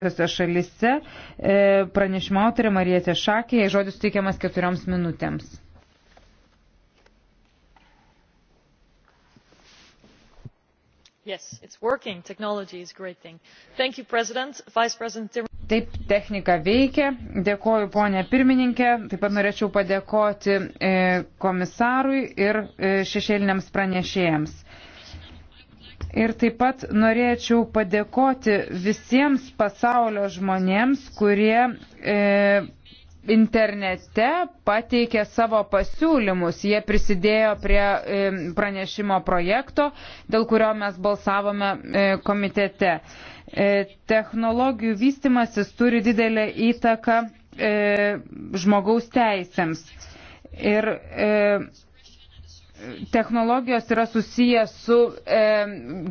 visose šalise. E, pranešimo autorė Marija Tešakė, jai žodis teikiamas keturioms minutėms. Yes, it's working. Technology is a great thing. Thank you, President, Vice President Timmermans. Taip, technika veikia. Dėkoju, ponė pirmininkė. Taip pat norėčiau padėkoti e, komisarui ir e, šešėliniams pranešėjams. Ir taip pat norėčiau padėkoti visiems pasaulio žmonėms, kurie e, internete pateikė savo pasiūlymus. Jie prisidėjo prie e, pranešimo projekto, dėl kurio mes balsavome e, komitete. E, technologijų vystimasis turi didelę įtaką e, žmogaus teisėms. Ir, e, technologijos yra susijęs su e,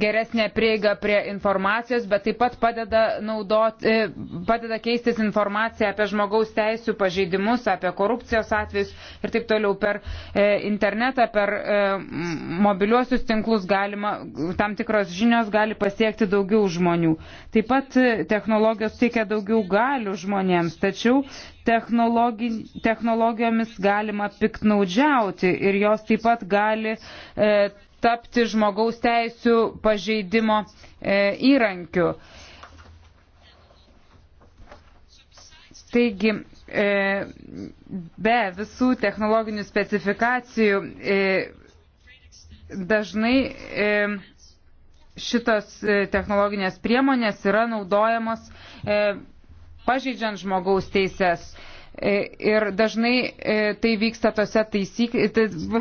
geresnė prieiga prie informacijos, bet taip pat padeda, naudot, e, padeda keistis informaciją apie žmogaus teisų pažeidimus, apie korupcijos atvejus ir taip toliau per e, internetą, per e, mobiliuosius tinklus galima, tam tikros žinios gali pasiekti daugiau žmonių. Taip pat e, technologijos teikia daugiau galių žmonėms, tačiau technologijomis galima piknaudžiauti ir jos taip pat gali e, tapti žmogaus teisų pažeidimo e, įrankiu. Taigi, e, be visų technologinių specifikacijų e, dažnai e, šitos e, technologinės priemonės yra naudojamos e, pažeidžiant žmogaus teises. E, ir dažnai e, tai vyksta tose taisyk...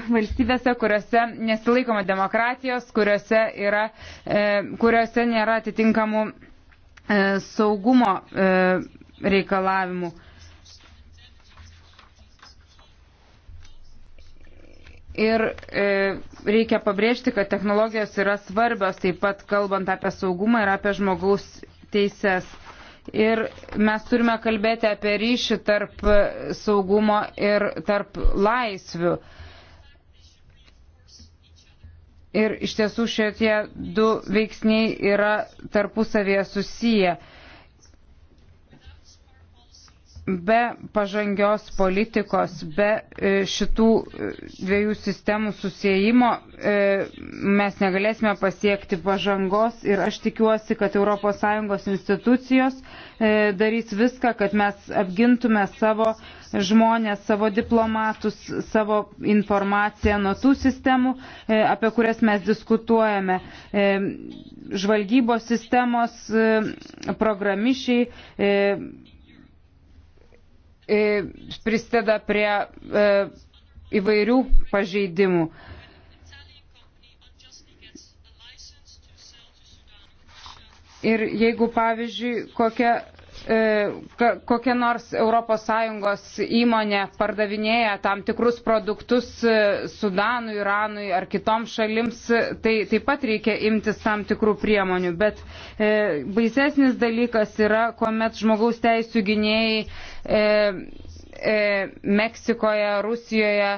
valstybėse, kuriuose nesilaikoma demokratijos, kuriuose, yra, e, kuriuose nėra atitinkamų saugumo reikalavimų. Ir e, reikia pabrėžti, kad technologijos yra svarbios, taip pat kalbant apie saugumą ir apie žmogaus teises. Ir mes turime kalbėti apie ryšį tarp saugumo ir tarp laisvių. Ir iš tiesų šitie du veiksniai yra tarpusavėje susiję be pažangios politikos, be e, šitų e, dviejų sistemų susijimo e, mes negalėsime pasiekti pažangos ir aš tikiuosi, kad ES institucijos darys viską, kad mes apgintume savo žmonės, savo diplomatus, savo informaciją nuo tų sistemų, apie kurias mes diskutuojame. Žvalgybos sistemos, programišiai, E, prisideda prie e, įvairių pažeidimų. Ir jeigu, pavyzdžiui, kokia E, kokia nors ES įmonė pardavinėja tam tikrus produktus e, Sudanui, Iranui ar kitoms šalims, e, tai taip pat reikia imtis tam tikrų priemonių. Bet e, baisesnis dalykas yra, kuomet žmogaus teisų gynėjai e, e, Meksikoje, Rusijoje,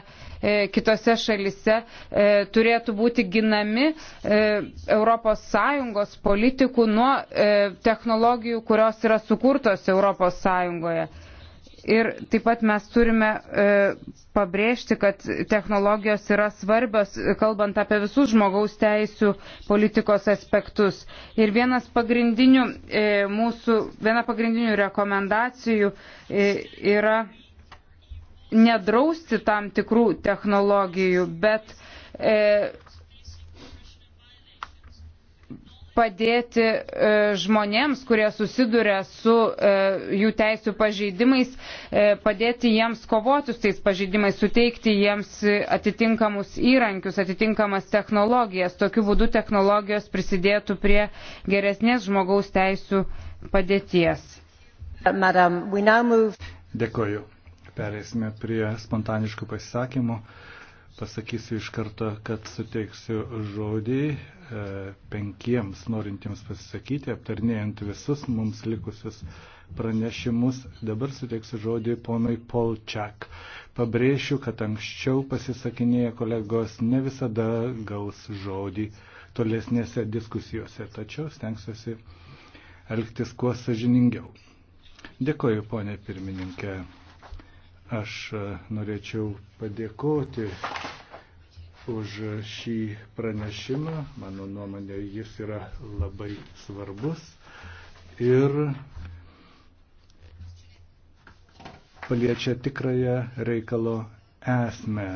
E, kitose šalise e, turėtų būti ginami ES politikų nuo e, technologijų, kurios yra sukurtos ES. Ir taip pat mes turime e, pabrėžti, kad technologijos yra svarbios, kalbant apie visus žmogaus teisų politikos aspektus. Ir vienas pagrindinių e, mūsų, viena pagrindinių rekomendacijų e, yra. E, nedrausti tam tikrų technologijų, bet e, padėti e, žmonėms, kurie susiduria su e, jų teisų pažeidimais, e, padėti jiems kovoti su tais pažeidimais, suteikti jiems atitinkamus įrankius, atitinkamas technologijas. Tokiu būdu technologijos prisidėtų prie geresnės žmogaus teisų padėties. Madam, Dėkoju. Perėsime prie spontaniškų pasisakymų. Pasakysiu iš karto, kad suteiksiu žodį e, penkiems norintiems pasisakyti, aptarnėjant visus mums likusius pranešimus. Dabar suteiksiu žodį ponui Polčiak. Pabrėšiu, kad anksčiau pasisakinėję kolegos ne visada gaus žodį tolesnėse diskusijose, tačiau stengsiuosi elgtis kuo sažiningiau. Dėkoju, ponė pirmininkė. Aš e, norėčiau padėkoti už šį pranešimą. Mano nuomonė, jis yra labai svarbus ir paliečia tikrąją reikalo esmę.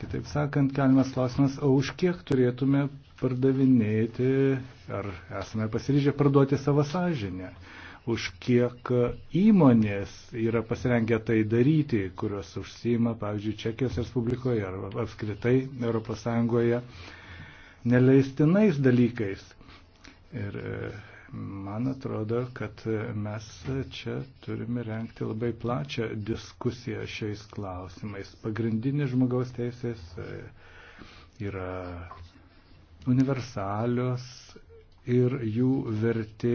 Kitaip sakant, keliamas klausimas, o už kiek turėtume pardavinėti, ar esame pasiryžę parduoti savo sąžinę už kiek įmonės yra pasirengę tai daryti, kurios užsima, pavyzdžiui, Čekijos Respublikoje ar apskritai ES neleistinais dalykais. Ir e, man atrodo, kad mes čia turime renkti labai plačią diskusiją šiais klausimais. Pagrindinis žmogaus teisės e, yra universalios ir jų vertė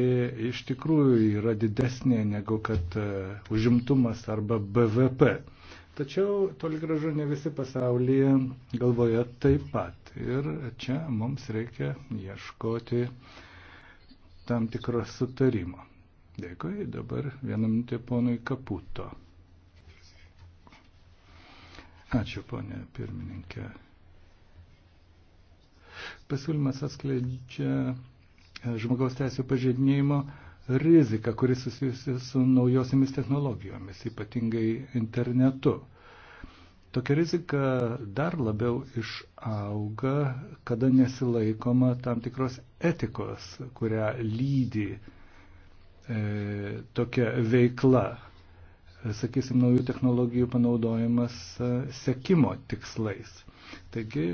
iš tikrųjų yra didesnė negu kad e, užimtumas arba BVP. Tačiau toli gražu ne visi pasaulyje galvoja taip pat. Ir čia mums reikia ieškoti tam tikro sutarimo. Dėkui, dabar vieną minutę ponui Kaputo. Ačiū, ponė pirmininkė. Pasiūlymas atskleidžia žmogaus teisų pažeidinėjimo riziką, kuris susijusi su naujosiamis technologijomis, ypatingai internetu. Tokia rizika dar labiau išauga, kada nesilaikoma tam tikros etikos, kurią lydi e, tokia veikla. Sakysim, naujų technologijų panaudojimas e, sekimo tikslais. Taigi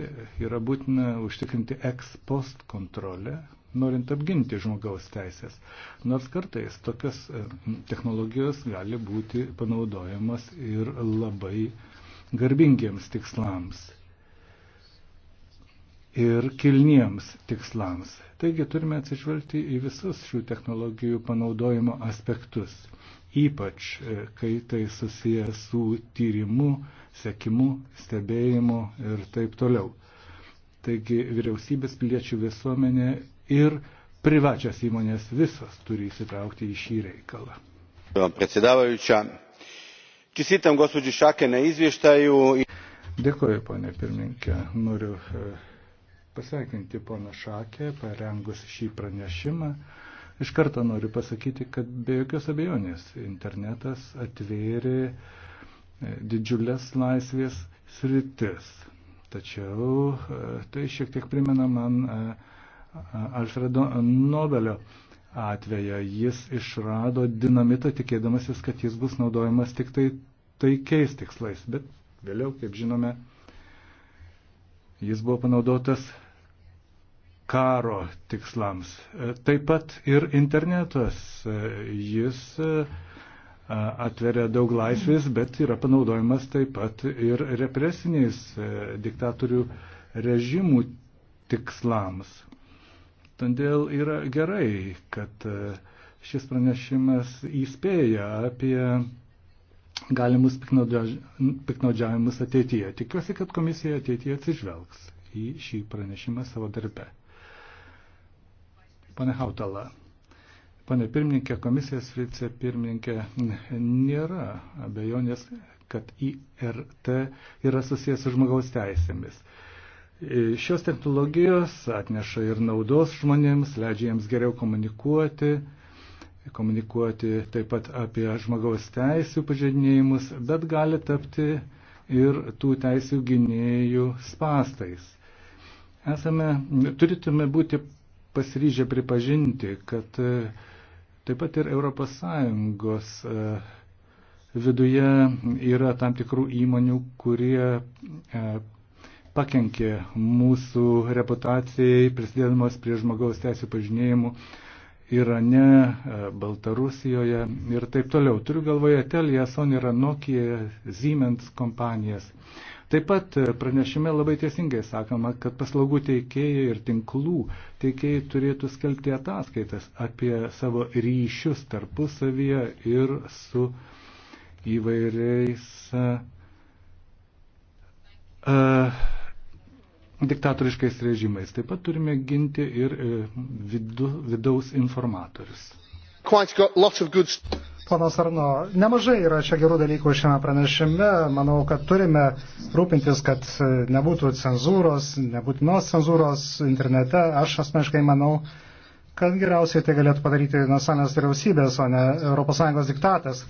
yra būtina užtikrinti ex post kontrolę, norint apginti žmogaus teisės. Nors kartais tokios e, technologijos gali būti panaudojamas ir labai garbingiems tikslams ir kilniems tikslams. Taigi turime atsižvelgti į visus šių technologijų panaudojimo aspektus, ypač e, kai tai susiję su tyrimu, sekimu, stebėjimu ir taip toliau. Taigi vyriausybės piliečių visuomenė ir privačias įmonės visas turi įsitraukti į šį reikalą. Čestitam gospođi Šake na izvještaju. Dėkuoju, ponė pirmininkė. Noriu e, pasveikinti poną Šakę, parengus šį pranešimą. Iš karto noriu pasakyti, kad be jokios abejonės internetas atvėrė e, didžiulės laisvės sritis. Tačiau e, tai šiek tiek primena man Alfredo Nobelio atveju. Jis išrado dinamitą tikėdamasis, kad jis bus naudojamas tik tai taikiais tikslais, bet vėliau, kaip žinome, jis buvo panaudotas karo tikslams. Taip pat ir internetas. Jis e, atveria daug laisvės, bet yra panaudojamas taip pat ir represiniais e, diktatorių režimų tikslams. Todėl yra gerai, kad e, šis pranešimas įspėja apie galimus piknaudžiavimus ateityje. Tikiuosi, kad komisija ateityje atsižvelgs į šį pranešimą savo darbe. Pane Hautala, pane pirmininkė, komisijos vicepirmininkė, nėra abejonės, kad IRT yra susijęs su žmogaus teisėmis. E, šios technologijos atneša ir naudos žmonėms, leidžia jiems geriau komunikuoti, komunikuoti taip pat apie žmogaus teisų pažeidinėjimus, bet gali tapti ir tų teisų gynėjų spastais. Esame, turėtume būti pasiryžę pripažinti, kad e, taip pat ir ES e, viduje yra tam tikrų įmonių, kurie pakenkė mūsų reputacijai, prisidėdamas prie žmogaus teisų pažinėjimų Irane, e, Baltarusijoje ir taip toliau. Turiu galvoje Telia, Sonira, Nokia, Siemens kompanijas. Taip pat e, pranešime labai tiesingai sakoma, kad paslaugų teikėjai ir tinklų teikėjai turėtų skelbti ataskaitas apie savo ryšius tarpusavyje ir su įvairiais uh, diktatoriškais režimais. Taip pat turime ginti ir e, vidu, vidaus informatorius. Ponas Arno, nemažai yra čia gerų dalykų šiame pranešime. Manau, kad turime rūpintis, kad e, nebūtų cenzūros, nebūtinos cenzūros internete. Aš asmeniškai manau, kad geriausiai tai galėtų padaryti nacionalinės vyriausybės, o ne ES diktatas.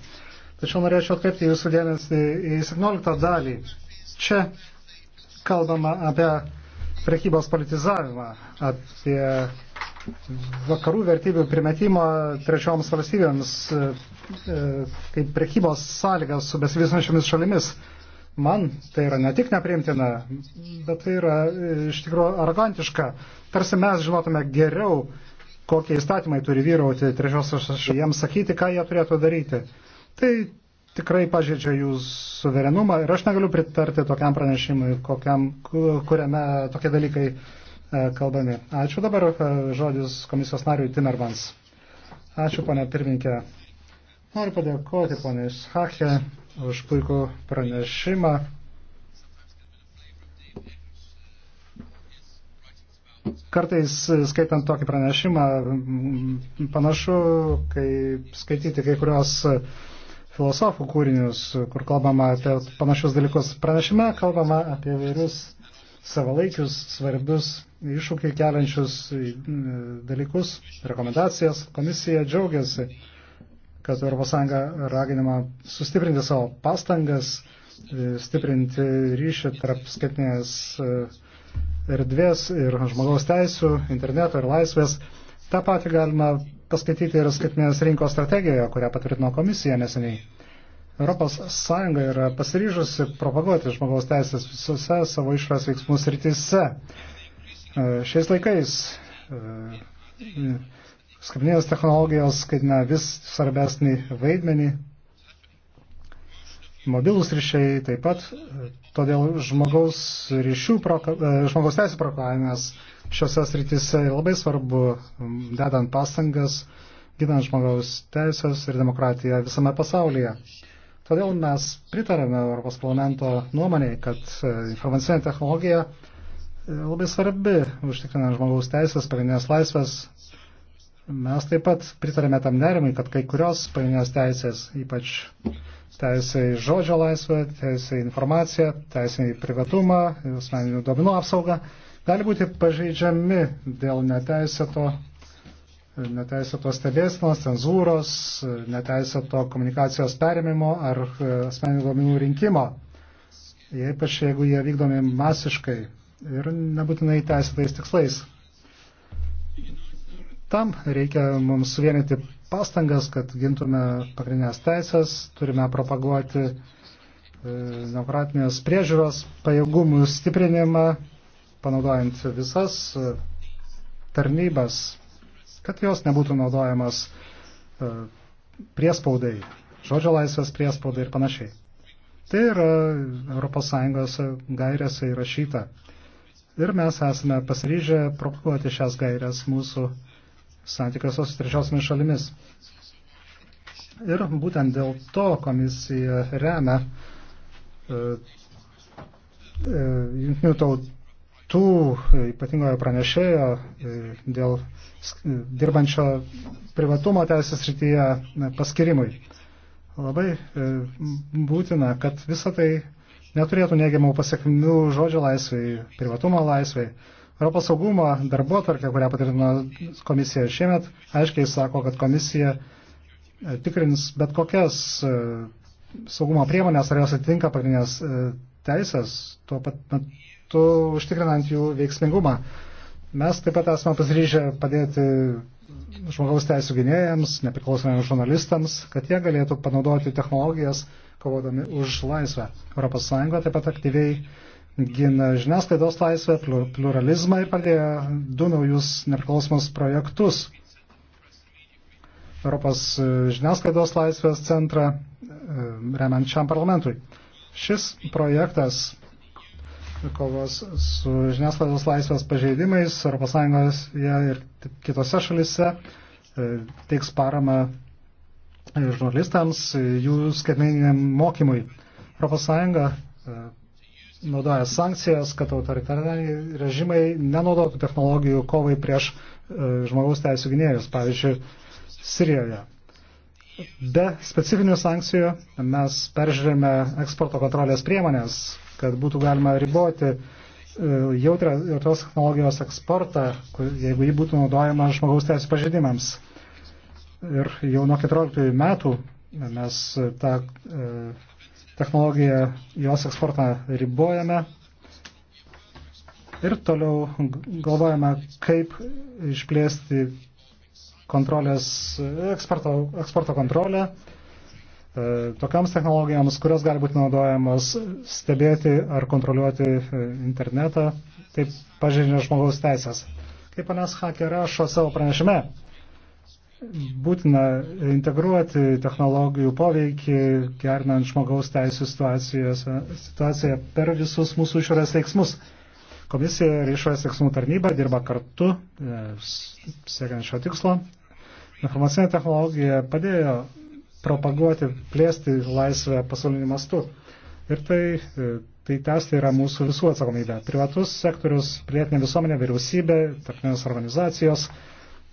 Tačiau norėčiau atkreipti jūsų dėmesį į 17 dalį. Čia kalbama apie prekybos politizavimą, apie vakarų vertybių primetimą trečioms valstybėms e, e, kaip prekybos sąlygas su besivysančiomis šalimis. Man tai yra ne tik nepriimtina, bet tai yra e, iš tikrųjų arogantiška. Tarsi mes žinotume geriau, kokie įstatymai turi vyrauti trečiosios šalims, jiems sakyti, ką jie turėtų daryti. Tai tikrai pažeidžia jų suverenumą ir aš negaliu pritarti tokiam pranešimui, kokiam, kuriame tokie dalykai e, kalbami. Ačiū dabar e, žodis komisijos nariui Timmermans. Ačiū, ponė pirminkė. Noriu padėkoti ponė Schachė už puikų pranešimą. Kartais skaitant tokį pranešimą panašu, kai skaityti kai kurios uh, filosofų kūrinius, kur kalbama apie panašius dalykus. Pranešime kalbama apie vairius savalaikius, svarbius iššūkį keliančius e, dalykus, rekomendacijas. Komisija džiaugiasi, kad ES raginama sustiprinti savo pastangas, e, stiprinti ryšį tarp skaitinės e, erdvės ir žmogaus teisų, interneto ir laisvės. Ta pati galima paskaityti ir skaitinės rinkos strategijoje, kurią patvirtino komisija neseniai. Europos Sąjunga yra pasiryžusi propaguoti žmogaus teisės visose savo išras veiksmų srityse. E, šiais laikais e, skaitinės technologijos skaitina vis svarbesnį vaidmenį mobilus ryšiai taip pat, todėl žmogaus, ryšių, e, žmogaus teisų proklamimas šiuose srityse labai svarbu, dedant pastangas, ginant žmogaus teisės ir demokratiją visame pasaulyje. Todėl mes pritarėme Europos parlamento nuomonėje, kad e, informacinė technologija e, labai svarbi užtikrinant žmogaus teisės, pagrindinės laisvės. Mes taip pat pritarėme tam nerimui, kad kai kurios pagrindinės teisės, ypač teisė į žodžio laisvę, teisė į informaciją, teisė į privatumą, asmeninių duomenų apsaugą, gali būti pažeidžiami dėl neteisėto, neteisėto stebėsnos, cenzūros, neteisėto komunikacijos perimimo ar e, asmeninių duomenų rinkimo, ypač jeigu jie vykdomi masiškai ir nebūtinai teisėtais tikslais. Tam reikia mums suvienyti pastangas, kad gintume pagrindinės teisės, turime propaguoti e, demokratinės priežiūros pajėgumų stiprinimą, panaudojant visas e, tarnybas, kad jos nebūtų naudojamas e, priespaudai, žodžio laisvės priespaudai ir panašiai. Tai yra ES gairėse įrašyta. Ir mes esame pasiryžę propaguoti šias gairias mūsų santykiuose su trečiosiomis šalimis. Ir būtent dėl to komisija remia e, e, jungtinių tautų e, ypatingojo pranešėjo e, dėl e, dirbančio privatumo teisės rytyje paskirimui. Labai e, būtina, kad visa tai neturėtų neigiamų pasiekmių žodžio laisvai, privatumo laisvai Europos saugumo darbo tvarkė, kurią patvirtino komisija šiemet, aiškiai sako, kad komisija e, tikrins bet kokias e, saugumo priemonės, ar jos atitinka pagrindinės e, teisės, tuo pat metu užtikrinant jų veiksmingumą. Mes taip pat esame pasiryžę padėti žmogaus teisų gynėjams, nepriklausomiems žurnalistams, kad jie galėtų panaudoti technologijas, kovodami už laisvę. Europos Sąjunga taip pat aktyviai gina žiniasklaidos laisvę, pluralizmą ir pradėjo du naujus nepriklausomus projektus. Europos e, žiniasklaidos laisvės centrą e, remiant šiam parlamentui. Šis projektas kovos su žiniasklaidos laisvės pažeidimais ES ir kitose šalise e, teiks paramą žurnalistams, jų skaitmeniniam mokymui. ES naudoja sankcijas, kad autoritariniai režimai nenaudotų technologijų kovai prieš e, žmogaus teisų gynėjus, pavyzdžiui, Sirijoje. Be specifinių sankcijų mes peržiūrėjome eksporto kontrolės priemonės, kad būtų galima riboti e, jautrios technologijos eksportą, jeigu ji būtų naudojama žmogaus teisų pažeidimams. Ir jau nuo 14 metų mes tą e, technologiją, jos eksportą ribojame ir toliau galvojame, kaip išplėsti kontrolės, eksporto, eksporto kontrolę e, tokiams technologijoms, kurios gali būti naudojamos stebėti ar kontroliuoti e, internetą, taip pažeidžia žmogaus teisės. Kaip panas Hakė rašo savo pranešime, būtina integruoti technologijų poveikį, gernant žmogaus teisų situaciją per visus mūsų išorės veiksmus. Komisija ir išorės veiksmų tarnyba dirba kartu, e, siekiant šio tikslo. Informacinė technologija padėjo propaguoti, plėsti laisvę pasauliniu mastu. Ir tai, e, tai tęsti yra mūsų visų atsakomybė. Privatus sektorius, pilietinė visuomenė, vyriausybė, tarptautinės organizacijos,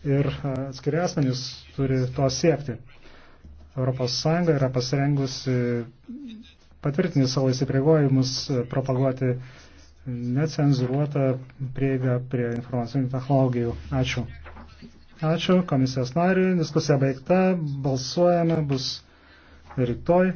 ir e, atskiri asmenys turi to siekti. ES yra pasirengusi patvirtinti savo įsipareigojimus e, propaguoti necenzuruotą prieigą prie informacinių technologijų. Ačiū. Ačiū komisijos nariui. Diskusija baigta. Balsuojame bus rytoj.